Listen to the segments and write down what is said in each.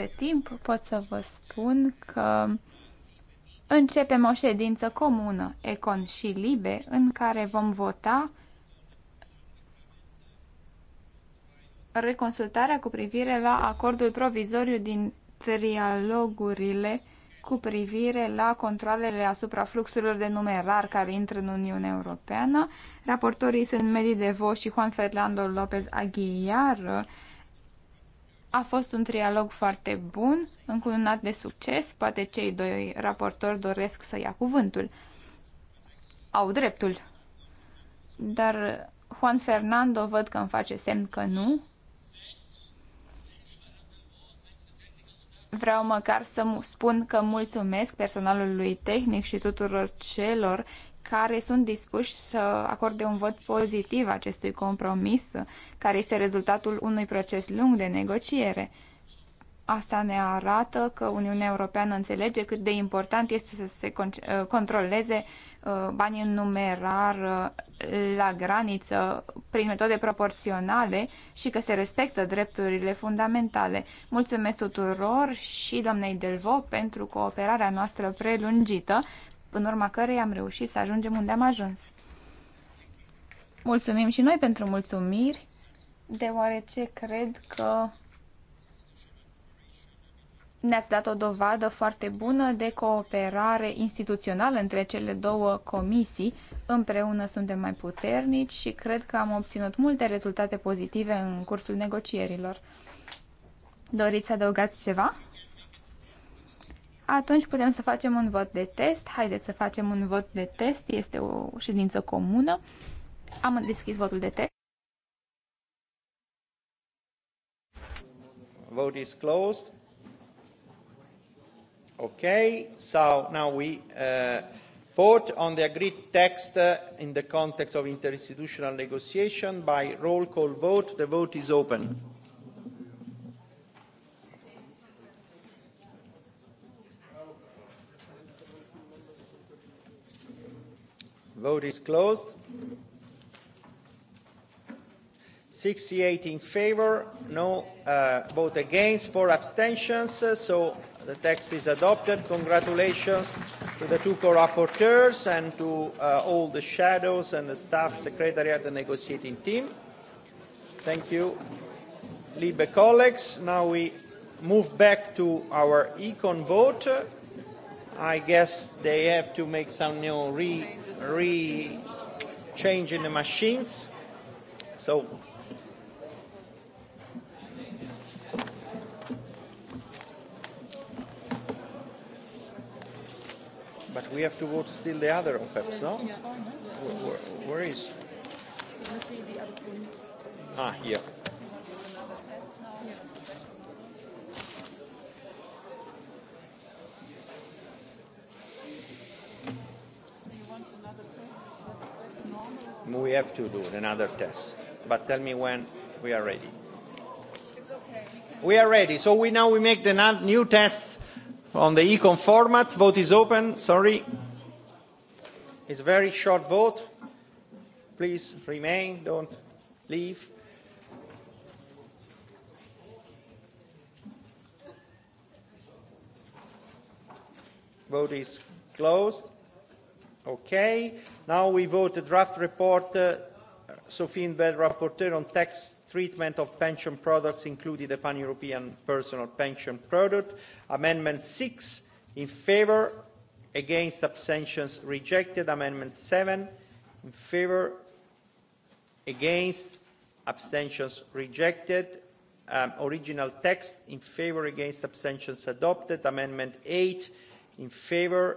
Între timp pot să vă spun că începem o ședință comună, Econ și Libe, în care vom vota reconsultarea cu privire la acordul provizoriu din trialogurile cu privire la controlele asupra fluxurilor de numerar care intră în Uniunea Europeană. Raportorii sunt Medi Devo și Juan Fernando López Aguilar, a fost un trialog foarte bun, încununat de succes. Poate cei doi raportori doresc să ia cuvântul. Au dreptul. Dar Juan Fernando văd că îmi face semn că nu. Vreau măcar să spun că mulțumesc personalului tehnic și tuturor celor care sunt dispuși să acorde un vot pozitiv acestui compromis, care este rezultatul unui proces lung de negociere. Asta ne arată că Uniunea Europeană înțelege cât de important este să se ă, controleze ă, banii în numerar ă, la graniță prin metode proporționale și că se respectă drepturile fundamentale. Mulțumesc tuturor și doamnei Delvo pentru cooperarea noastră prelungită în urma cărei am reușit să ajungem unde am ajuns. Mulțumim și noi pentru mulțumiri, deoarece cred că ne-ați dat o dovadă foarte bună de cooperare instituțională între cele două comisii. Împreună suntem mai puternici și cred că am obținut multe rezultate pozitive în cursul negocierilor. Doriți să adăugați ceva? atunci putem să facem un vot de test. Haideți să facem un vot de test. Este o ședință comună. Am deschis votul de test. Vote is closed. Okay, so now we uh, vote on the agreed text uh, in the context of interinstitutional negotiation by roll call vote. The vote is open. Vote is closed. 68 in favor, no uh, vote against, four abstentions. Uh, so the text is adopted. Congratulations to the two co-rapporteurs and to uh, all the shadows and the staff secretariat and negotiating team. Thank you, Liebe colleagues. Now we move back to our econ vote. I guess they have to make some new re, re change in the machines. So But we have to vote still the other on PEPs, no? Where, where, where is? Ah, here. We have to do another test. But tell me when we are ready. We are ready. So we now we make the new test on the econ format. Vote is open. Sorry. It's a very short vote. Please remain. Don't leave. Vote is closed. Okay. Now we vote the draft report, in 't veld rapporteur on tax treatment of pension products, including the pan-European personal pension product. Amendment six, in favour, against abstentions rejected. Amendment seven, in favour, against abstentions rejected. Um, original text, in favour, against abstentions adopted. Amendment eight, in favour,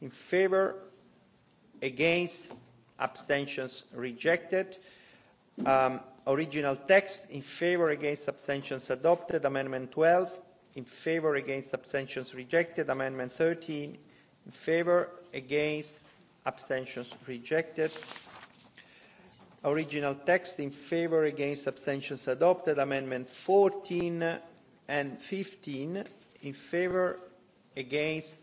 in favour against abstentions rejected um, original text in favour against abstentions adopted amendment 12 in favour against abstentions rejected amendment 13 in favour against abstentions rejected original text in favour against abstentions adopted amendment 14 and 15 in favour against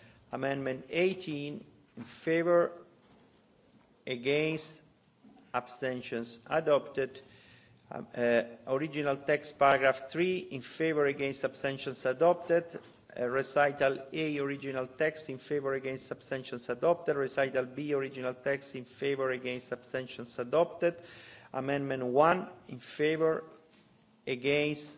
Amendment 18 in favour, against, abstentions adopted. Um, uh, original text paragraph 3 in favour, against, abstentions adopted. Uh, recital A original text in favour against abstentions adopted. Recital B original text in favour against abstentions adopted. Amendment 1 in favour against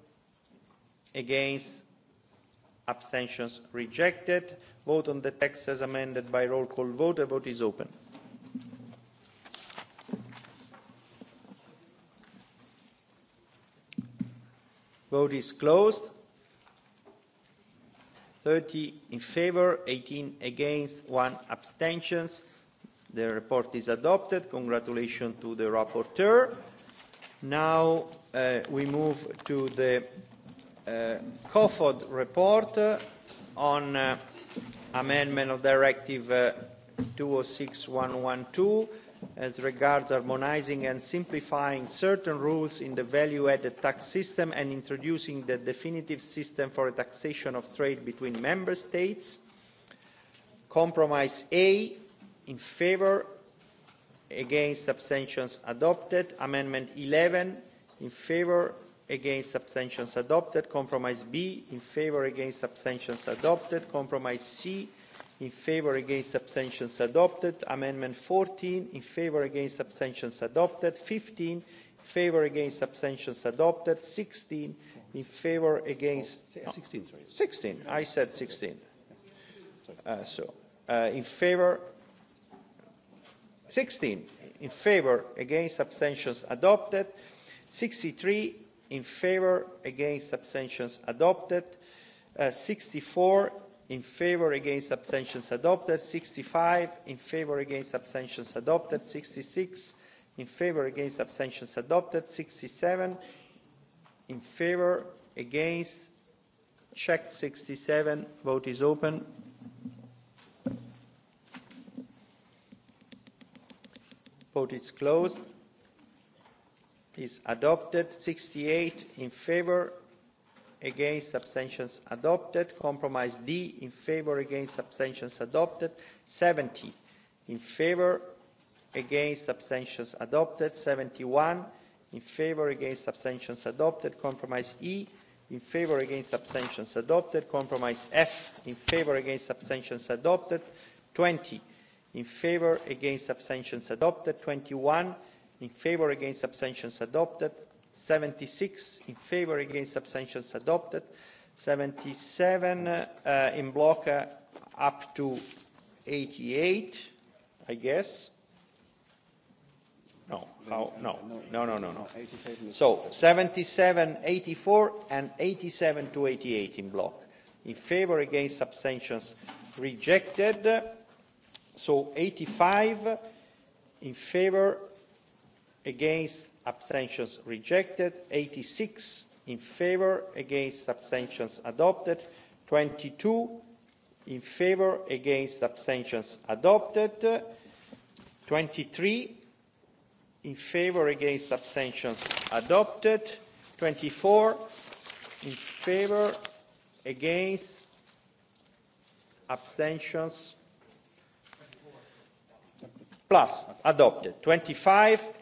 against abstentions rejected vote on the text as amended by roll call vote the vote is open vote is closed 30 in favor 18 against one abstentions the report is adopted congratulations to the rapporteur now uh, we move to the uh, COFOD report uh, on uh, amendment of Directive uh, 206112 as regards harmonising and simplifying certain rules in the value-added tax system and introducing the definitive system for the taxation of trade between member states. Compromise A, in favour, against abstentions adopted. Amendment 11, in favour, against abstentions adopted compromise b in favour against abstentions adopted compromise c in favour against abstentions adopted amendment 14 in favour against abstentions adopted 15 in favour against abstentions adopted 16 in favour against 16 sorry 16 i said 16 uh, so uh, in favour 16 in favour against abstentions adopted 63 in favour against abstentions adopted uh, 64 in favour against abstentions adopted 65 in favour against abstentions adopted 66 in favour against abstentions adopted 67 in favour against check 67 vote is open vote is closed is adopted. 68 in favour, against abstentions adopted. Compromise D in favour, against abstentions adopted. 70 in favour, against abstentions adopted. 71 in favour, against abstentions adopted. Compromise E in favour, against abstentions adopted. Compromise F in favour, against abstentions adopted. 20 in favour, against abstentions adopted. 21 in favour against abstentions adopted 76 in favour against abstentions adopted 77 uh, in block uh, up to 88 i guess no how no no no no no so 77 84 and 87 to 88 in block in favour against abstentions rejected so 85 in favour against abstentions rejected eighty six in favour against abstentions adopted twenty two in favour against abstentions adopted twenty three in favour against abstentions adopted twenty four in favour against abstentions plus adopted twenty five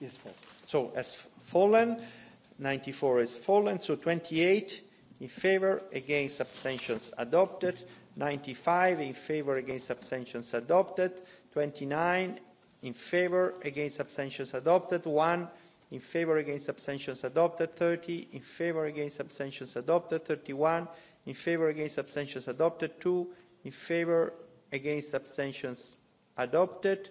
Yes, false. So as fallen, 94 is fallen, so 28 in favor, against abstentions adopted, 95 in favor, against abstentions adopted, 29 in favor, against abstentions adopted, 1 in favor, against abstentions adopted, 30 in favor, against abstentions adopted, 31 in favor, against abstentions adopted, 2 in favor, against abstentions adopted,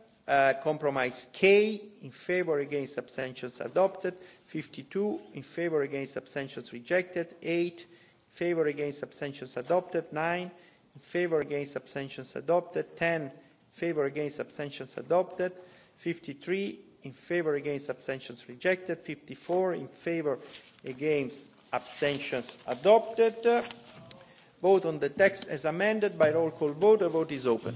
Uh, compromise K in favour against abstentions adopted, fifty two in favour against abstentions rejected, eight in favour against abstentions adopted, nine in favour against abstentions adopted, ten in favour against abstentions adopted, fifty three in favour against abstentions rejected, fifty four in favour against abstentions adopted. Vote on the text as amended by roll call vote. The vote is open.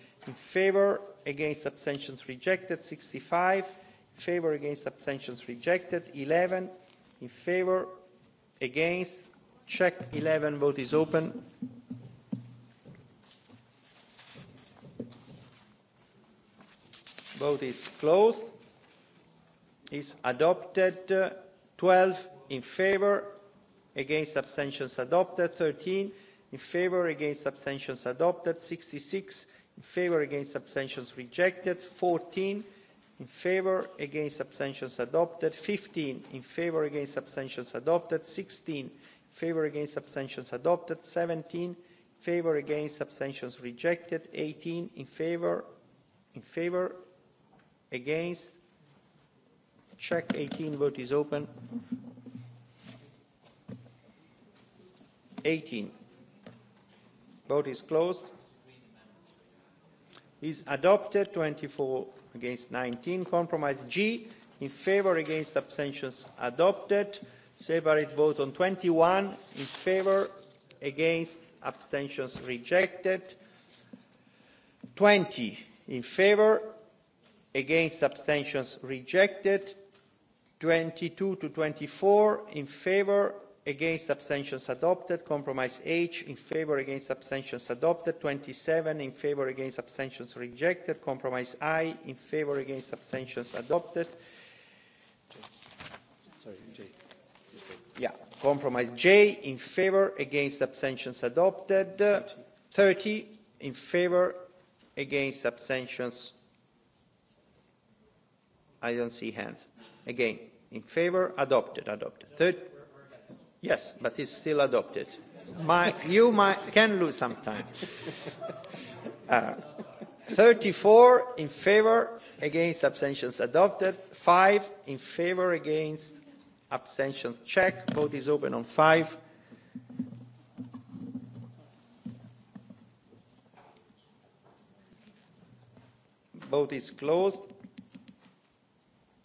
in favour against abstentions rejected 65. five in favour against abstentions rejected eleven in favour against check eleven vote is open vote is closed is adopted uh, 12 in favour against abstentions adopted 13 in favour against abstentions adopted 66 in favour against abstentions rejected fourteen in favour against abstentions adopted fifteen in favour against abstentions adopted sixteen in favour against abstentions adopted seventeen in favour against abstentions rejected eighteen in favour in favour against check 18 vote is open 18 vote is closed is adopted 24 against 19 compromise g in favour against abstentions adopted separate vote on 21 in favour against abstentions rejected 20 in favour against abstentions rejected 22 to 24 in favour against abstentions adopted compromise h in favour against abstentions adopted twenty seven in favour against abstentions rejected compromise i in favour against abstentions adopted Sorry, J. Yeah, compromise j in favour against abstentions adopted 30 in favour against abstentions i don't see hands again in favour adopted adopted 30, Yes, but it's still adopted. you can lose some time. Uh, 34 in favor, against abstentions adopted. 5 in favor, against abstentions check. Vote is open on 5. Vote is closed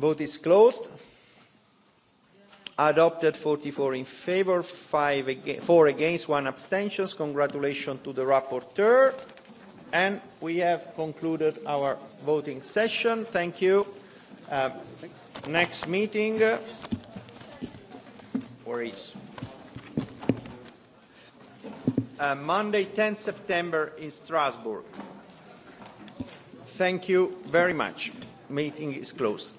Vote is closed. Adopted 44 in favour, five ag 4 against, 1 abstention. Congratulations to the rapporteur. And we have concluded our voting session. Thank you. Uh, next meeting. Uh, where is? Uh, Monday, 10 September in Strasbourg. Thank you very much. Meeting is closed.